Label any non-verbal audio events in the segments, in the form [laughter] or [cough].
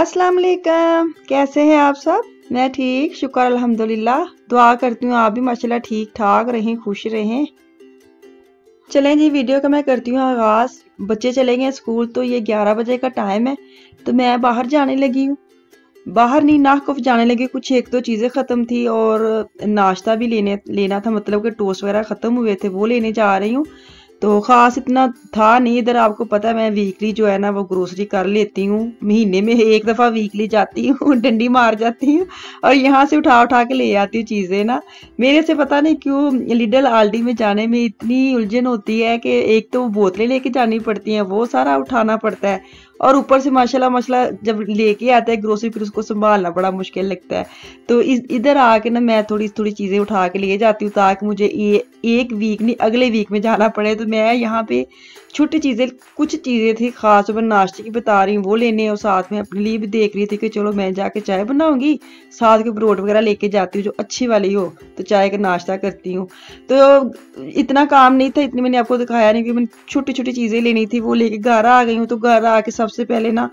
अस्सलाम वालेकुम कैसे हैं आप सब मैं ठीक शुक्र अल्हम्दुलिल्लाह दुआ करती हूँ आप भी माशाल्लाह ठीक ठाक रहें खुश रहें चलें जी वीडियो का मैं करती हूँ आगाज़ बच्चे चले गए स्कूल तो ये ग्यारह बजे का टाइम है तो मैं बाहर जाने लगी हूँ बाहर नहीं नाकफ जाने लगी कुछ एक दो चीज़ें ख़त्म थी और नाश्ता भी लेने लेना था मतलब कि टोस्ट वगैरह ख़त्म हुए थे वो लेने जा रही हूँ तो ख़ास इतना था नहीं इधर आपको पता है मैं वीकली जो है ना वो ग्रोसरी कर लेती हूँ महीने में एक दफ़ा वीकली जाती हूँ [laughs] डंडी मार जाती हूँ और यहाँ से उठा उठा के ले आती हूँ चीज़ें ना मेरे से पता नहीं क्यों लिडल आल्डी में जाने में इतनी उलझन होती है कि एक तो बोतलें लेके जानी पड़ती हैं वो सारा उठाना पड़ता है और ऊपर से माशाल्लाह माशाल्लाह जब लेके आता है ग्रोसरी फिर उसको संभालना बड़ा मुश्किल लगता है तो इधर आके ना मैं थोड़ी थोड़ी चीज़ें उठा के ले जाती हूँ ताकि मुझे ए, एक वीक नहीं अगले वीक में जाना पड़े तो मैं यहाँ पे छोटी चीज़ें कुछ चीज़ें थी खास मैं नाश्ते की बता रही हूँ वो लेने और साथ में अपने लिए भी देख रही थी कि चलो मैं जाके चाय बनाऊँगी साथ के ब्रोड वगैरह लेके जाती हूँ जो अच्छी वाली हो तो चाय का नाश्ता करती हूँ तो इतना काम नहीं था इतनी मैंने आपको दिखाया नहीं कि मैंने छोटी छोटी चीज़ें लेनी थी वो लेके घर आ गई हूँ तो घर आके सबसे पहले ना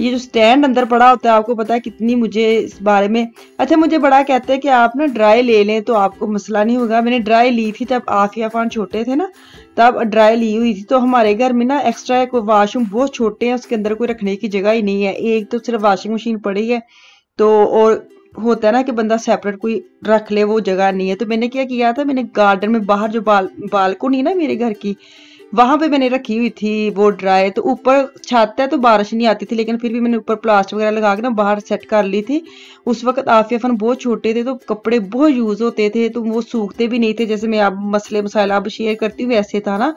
ये जो स्टैंड अंदर पड़ा होता है आपको पता है कितनी मुझे इस बारे में अच्छा मुझे बड़ा कहते हैं कि आप ना ड्राई ले लें तो आपको मसला नहीं होगा मैंने ड्राई ली थी तब आफिया फान छोटे थे ना तब ड्राई ली हुई थी तो हमारे घर में ना एक्स्ट्रा एक वाशरूम बहुत छोटे हैं उसके अंदर कोई रखने की जगह ही नहीं है एक तो सिर्फ वाशिंग मशीन पड़ी है तो और होता है ना कि बंदा सेपरेट कोई रख ले वो जगह नहीं है तो मैंने क्या किया था मैंने गार्डन में बाहर जो बाल बालकोनी ना मेरे घर की वहां पे मैंने रखी हुई थी वो ड्राई तो ऊपर छत है तो बारिश नहीं आती थी लेकिन फिर भी मैंने ऊपर प्लास्टिक वगैरह लगा के ना बाहर सेट कर ली थी उस वक्त आफिया फन बहुत छोटे थे तो कपड़े बहुत यूज़ होते थे तो वो सूखते भी नहीं थे जैसे मैं अब मसले मसाइल अब शेयर करती हूँ वैसे था ना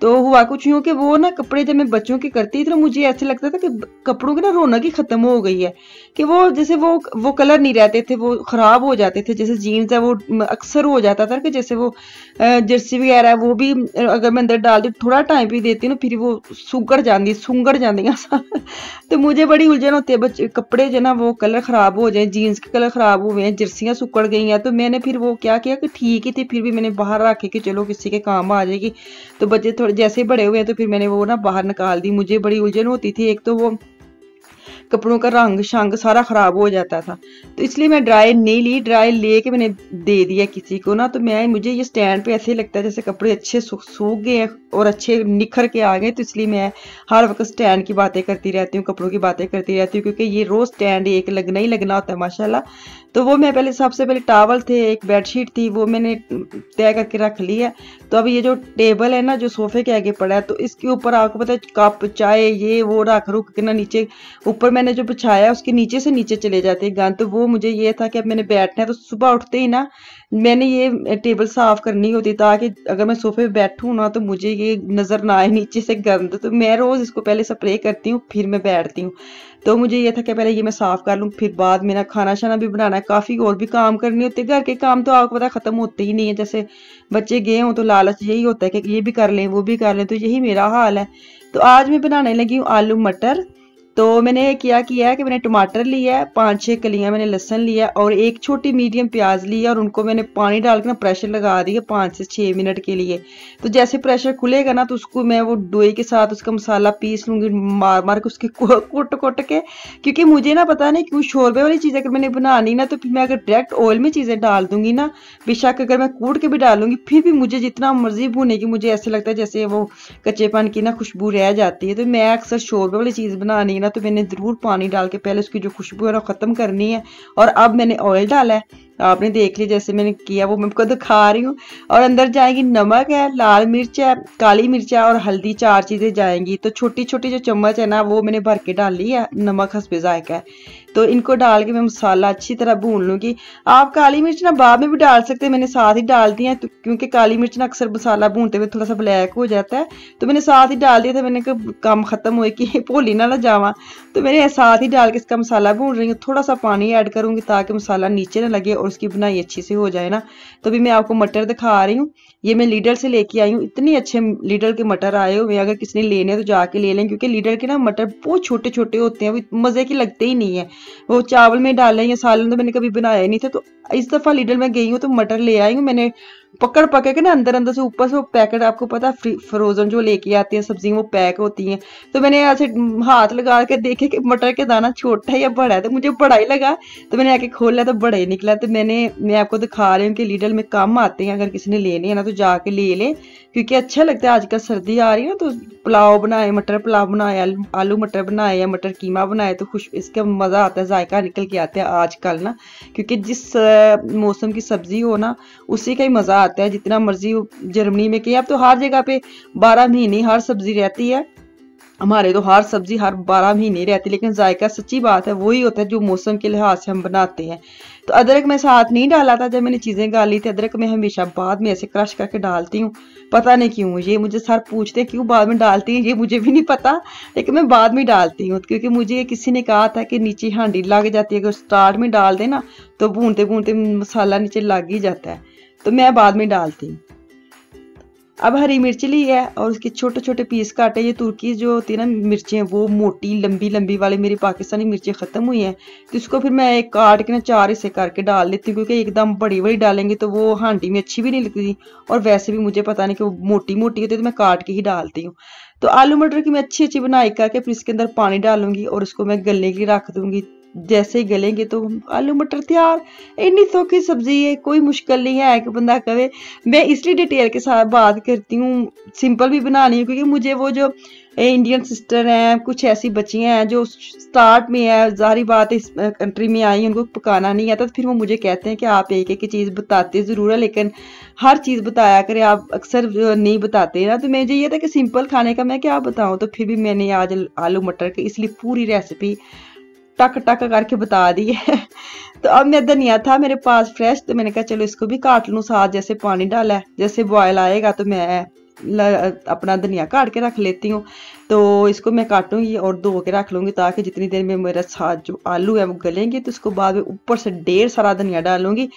तो हुआ कुछ यूँ कि वो ना कपड़े जब मैं बच्चों के करती थी तो मुझे ऐसे लगता था कि कपड़ों की ना रौनक ही ख़त्म हो गई है कि वो जैसे वो वो कलर नहीं रहते थे वो ख़राब हो जाते थे जैसे जीन्स है वो अक्सर हो जाता था कि जैसे वो जर्सी वगैरह वो भी अगर मैं अंदर डाल दी थोड़ा टाइम भी देती ना फिर वो सुगड़ जाती सुगड़ जाती [laughs] तो मुझे बड़ी उलझन होती है बच्चे कपड़े जो ना वो कलर ख़राब हो जाए जीन्स के कलर ख़राब हुए हैं जर्सियाँ सुकड़ गई हैं तो मैंने फिर वो क्या किया कि ठीक ही थी फिर भी मैंने बाहर रखे कि चलो किसी के काम आ जाएगी तो बच्चे थोड़े थोड़े जैसे बड़े हुए तो फिर मैंने वो ना बाहर निकाल दी मुझे बड़ी उलझन होती थी एक तो वो कपड़ों का रंग शंग सारा ख़राब हो जाता था तो इसलिए मैं ड्राई नहीं ली ड्राई ले के मैंने दे दिया किसी को ना तो मैं मुझे ये स्टैंड पे ऐसे लगता है जैसे कपड़े अच्छे सूख गए और अच्छे निखर के आ गए तो इसलिए मैं हर वक्त स्टैंड की बातें करती रहती हूँ कपड़ों की बातें करती रहती हूँ क्योंकि ये रोज़ स्टैंड एक लगना ही लगना होता है माशाला तो वो मैं पहले सबसे पहले टावल थे एक बेडशीट थी वो मैंने तय करके रख ली है तो अब ये जो टेबल है ना जो सोफे के आगे पड़ा है तो इसके ऊपर आपको पता है कप चाय ये वो रख रुख के ना नीचे ऊपर मैंने जो बिछाया उसके नीचे से नीचे चले जाते हैं गंद तो वो मुझे ये था कि अब मैंने बैठना है तो सुबह उठते ही ना मैंने ये टेबल साफ करनी होती ताकि अगर मैं सोफे पे बैठूँ ना तो मुझे ये नज़र ना आए नीचे से गंद तो मैं रोज़ इसको पहले स्प्रे करती हूँ फिर मैं बैठती हूँ तो मुझे ये था कि पहले ये मैं साफ़ कर लूँ फिर बाद में ना खाना शाना भी बनाना है काफ़ी और भी काम करने होते घर के काम तो आपको पता ख़त्म होते ही नहीं है जैसे बच्चे गए हों तो लालच यही होता है कि ये भी कर लें वो भी कर लें तो यही मेरा हाल है तो आज मैं बनाने लगी हूँ आलू मटर तो मैंने क्या किया है कि मैंने टमाटर लिया है पाँच छः कलियाँ मैंने लहसन लिया है और एक छोटी मीडियम प्याज ली है और उनको मैंने पानी डाल के ना प्रेशर लगा दिया पाँच से छः मिनट के लिए तो जैसे प्रेशर खुलेगा ना तो उसको मैं वो डोई के साथ उसका मसाला पीस लूँगी मार मार के उसके कुट कुट के क्योंकि मुझे ना पता नहीं क्यों शोरबे वाली चीज़ अगर मैंने बनानी ना तो फिर मैं अगर डायरेक्ट ऑयल में चीज़ें डाल दूंगी ना बेशक अगर मैं कूट के भी डालूंगी फिर भी मुझे जितना मर्जी की मुझे ऐसे लगता है जैसे वो कच्चेपन की ना खुशबू रह जाती है तो मैं अक्सर शोरबे वाली चीज़ बनानी ना डाला तो मैंने ज़रूर पानी डाल के पहले उसकी जो खुशबू है ना ख़त्म करनी है और अब मैंने ऑयल डाला है आपने देख लिया जैसे मैंने किया वो मैं आपको दिखा रही हूँ और अंदर जाएगी नमक है लाल मिर्च है काली मिर्च है और हल्दी चार चीज़ें जाएंगी तो छोटी छोटी जो चम्मच है ना वो मैंने भर के डाली है नमक हंसपे जायका है तो इनको डाल के मैं मसाला अच्छी तरह भून लूँगी आप काली मिर्च ना बाद में भी डाल सकते हैं मैंने साथ ही डाल दिया है तो क्योंकि काली मिर्च ना अक्सर मसाला भूनते हुए थोड़ा सा ब्लैक हो जाता है तो मैंने साथ ही डाल दिया था मैंने कहा काम ख़त्म हुए कि भोली ना ना जावा तो मेरे साथ ही डाल के इसका मसाला भून रही हूँ थोड़ा सा पानी ऐड करूँगी ताकि मसाला नीचे ना लगे और उसकी बनाई अच्छी से हो जाए ना तो अभी मैं आपको मटर दिखा रही हूँ ये मैं लीडर से लेके आई हूँ इतने अच्छे लीडर के मटर आए हुए अगर किसी ने लेने तो जाके ले लें क्योंकि लीडर के ना मटर बहुत छोटे छोटे होते हैं वो मज़े के लगते ही नहीं है वो चावल में डाले या सालन तो मैंने कभी बनाया ही नहीं था तो इस दफ़ा लीडर में गई हूँ तो मटर ले आई हूँ मैंने पकड़ पकड़ के ना अंदर अंदर से ऊपर से वो पैकेट आपको पता फ्री फ्रोजन जो लेके आती है सब्जी वो पैक होती हैं तो मैंने ऐसे हाथ लगा के देखे कि मटर के दाना छोटा है या बड़ा है तो मुझे बड़ा ही लगा तो मैंने आके खोला तो बड़ा ही निकला तो मैंने मैं आपको दिखा रही हूँ कि लीडर में काम आते हैं अगर किसी ने लेने है ना तो तो जाके ले लें क्योंकि अच्छा लगता है आजकल सर्दी आ रही है ना तो पुलाव बनाए मटर पुलाव बनाए आलू मटर बनाए या मटर कीमा बनाए तो खुश इसका मज़ा आता है जायका निकल के आता है आजकल ना क्योंकि जिस मौसम की सब्ज़ी हो ना उसी का ही मज़ा आता है जितना मर्जी जर्मनी में किया अब तो हर जगह पे बारह महीने हर सब्ज़ी रहती है हमारे तो हर सब्जी हर बारह महीने रहती है लेकिन जायका सच्ची बात है वही होता है जो मौसम के लिहाज से हम बनाते हैं तो अदरक में साथ नहीं डाला था जब मैंने चीज़ें गाली थी अदरक में हमेशा बाद में ऐसे क्रश करके डालती हूँ पता नहीं क्यों ये मुझे सर पूछते हैं क्यों बाद में डालती हैं ये मुझे भी नहीं पता लेकिन मैं बाद में डालती हूँ क्योंकि मुझे किसी ने कहा था कि नीचे हांडी लग जाती है अगर स्टार्ट में डाल देना तो भूनते भूनते मसाला नीचे लग ही जाता है तो मैं बाद में डालती हूँ अब हरी मिर्च ली है और उसके छोटे छोटे पीस काटे ये तुर्की जो होती है ना मिर्चें वो मोटी लंबी लंबी वाली मेरी पाकिस्तानी मिर्चें ख़त्म हुई हैं तो इसको फिर मैं एक काट के ना चार हिस्से करके डाल लेती हूँ क्योंकि एकदम बड़ी बड़ी डालेंगे तो वो हांडी में अच्छी भी नहीं लगती और वैसे भी मुझे पता नहीं कि वो मोटी मोटी होती है तो मैं काट के ही डालती हूँ तो आलू मटर की मैं अच्छी अच्छी बनाई करके फिर इसके अंदर पानी डालूंगी और उसको मैं गलने के लिए रख दूंगी जैसे ही गलेंगे तो आलू मटर तैयार इतनी सौखी सब्जी है कोई मुश्किल नहीं है कि बंदा कहे मैं इसलिए डिटेल के साथ बात करती हूँ सिंपल भी बना रही हूँ क्योंकि मुझे वो जो इंडियन सिस्टर हैं कुछ ऐसी बच्चियाँ हैं जो स्टार्ट में है जारी बात इस कंट्री में आई उनको पकाना नहीं आता तो फिर वो मुझे कहते हैं कि आप एक एक चीज़ बताते ज़रूर है लेकिन हर चीज़ बताया करें आप अक्सर नहीं बताते ना तो मुझे ये था कि सिंपल खाने का मैं क्या बताऊँ तो फिर भी मैंने आज आलू मटर की इसलिए पूरी रेसिपी टक टक करके बता दी है [laughs] तो अब मैं धनिया था मेरे पास फ्रेश तो मैंने कहा चलो इसको भी काट लूँ साथ जैसे पानी डाला है जैसे बॉयल आएगा तो मैं अपना धनिया काट के रख लेती हूँ तो इसको मैं काटूंगी और धो के रख लूँगी ताकि जितनी देर में मेरा साथ जो आलू है वो गलेंगे तो उसको बाद में ऊपर से ढेर सारा धनिया डालूंगी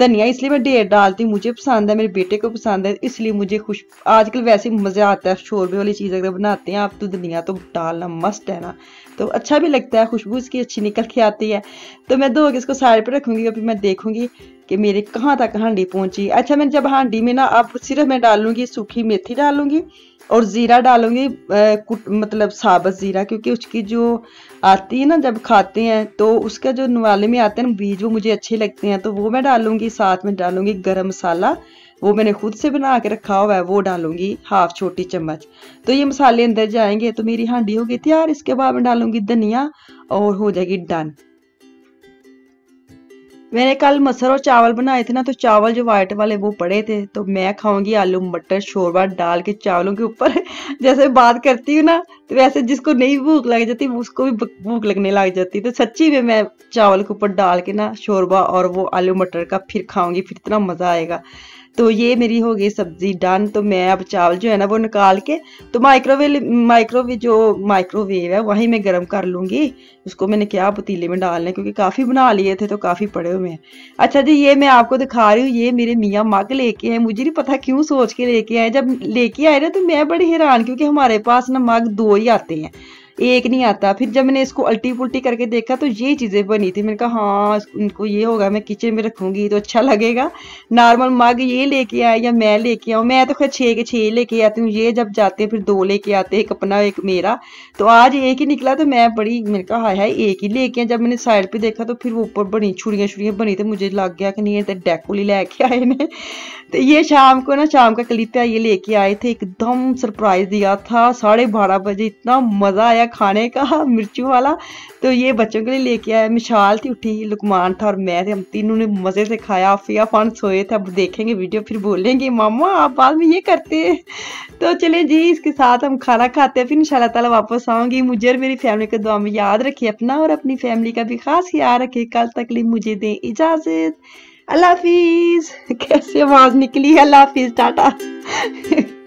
धनिया इसलिए मैं ढेर डालती हूँ मुझे पसंद है मेरे बेटे को पसंद है इसलिए मुझे खुश आजकल वैसे मज़ा आता है शोरबे वाली चीज़ अगर बनाते हैं आप तो धनिया तो डालना मस्त है ना तो अच्छा भी लगता है खुशबू इसकी अच्छी निकल के आती है तो मैं धो के इसको साइड पर रखूँगी अभी मैं देखूँगी कि मेरे कहाँ तक हांडी पहुँची अच्छा मैं जब हांडी में ना अब सिर्फ मैं डालूंगी सूखी मेथी डालूंगी और ज़ीरा डालूंगी मतलब साबत ज़ीरा क्योंकि उसकी जो आती है ना जब खाते हैं तो उसका जो नवाले में आते हैं ना बीज वो मुझे अच्छे लगते हैं तो वो मैं डालूंगी साथ में डालूंगी गरम मसाला वो मैंने खुद से बना के रखा हुआ है वो डालूंगी हाफ छोटी चम्मच तो ये मसाले अंदर जाएंगे तो मेरी हांडी होगी तैयार इसके बाद मैं डालूंगी धनिया और हो जाएगी डन मैंने कल मसर और चावल बनाए थे ना तो चावल जो व्हाइट वाले वो पड़े थे तो मैं खाऊंगी आलू मटर शोरबा डाल के चावलों के ऊपर [laughs] जैसे बात करती हूँ ना तो वैसे जिसको नहीं भूख लग जाती उसको भी भूख लगने लग जाती तो सच्ची में मैं चावल के ऊपर डाल के ना शोरबा और वो आलू मटर का फिर खाऊंगी फिर इतना मज़ा आएगा तो ये मेरी हो गई सब्जी डन तो मैं अब चावल जो है ना वो निकाल के तो माइक्रोवेव माइक्रोवेव जो माइक्रोवेव है वहीं मैं गर्म कर लूँगी उसको मैंने क्या पतीले में डालने क्योंकि काफ़ी बना लिए थे तो काफ़ी पड़े हुए हैं अच्छा जी ये मैं आपको दिखा रही हूँ ये मेरे मियाँ मग लेके आए मुझे नहीं पता क्यों सोच के लेके आए जब लेके आए ना तो मैं बड़ी हैरान क्योंकि हमारे पास ना मग दो ही आते हैं एक नहीं आता फिर जब मैंने इसको अल्टी पुल्टी करके देखा तो ये चीज़ें बनी थी मैंने कहा हाँ इनको ये होगा मैं किचन में रखूँगी तो अच्छा लगेगा नॉर्मल मग ये लेके आए या मैं लेके आऊँ मैं तो खैर छः के छः लेके आती हूँ ये जब जाते हैं फिर दो लेके आते एक अपना एक मेरा तो आज एक ही निकला तो मैं बड़ी मैंने कहा हाय हाय एक ही लेके जब मैंने साइड पर देखा तो फिर वो ऊपर बनी छुड़ियाँ छुड़ियाँ बनी तो मुझे लग गया कि नहीं तो डेकोली लेके आए ने तो ये शाम को ना शाम का कलीपिया ये लेके आए थे एकदम सरप्राइज दिया था साढ़े बारह बजे इतना मज़ा आया है खाने का मिर्चू वाला तो ये बच्चों के लिए लेके आया मिशाल थी उठी लुकमान था और मैं थे हम तीनों ने मज़े से खाया फिया फान सोए थे अब देखेंगे वीडियो फिर बोलेंगे मामा आप बाद में ये करते हैं तो चले जी इसके साथ हम खाना खाते हैं फिर इंशाल्लाह ताला वापस आऊँगी मुझे और मेरी फैमिली का दुआ में याद रखिए अपना और अपनी फैमिली का भी खास याद रखिए कल तक लिए मुझे दें इजाज़त अल्लाह हाफिज़ कैसे आवाज़ निकली अल्लाह हाफिज़ टाटा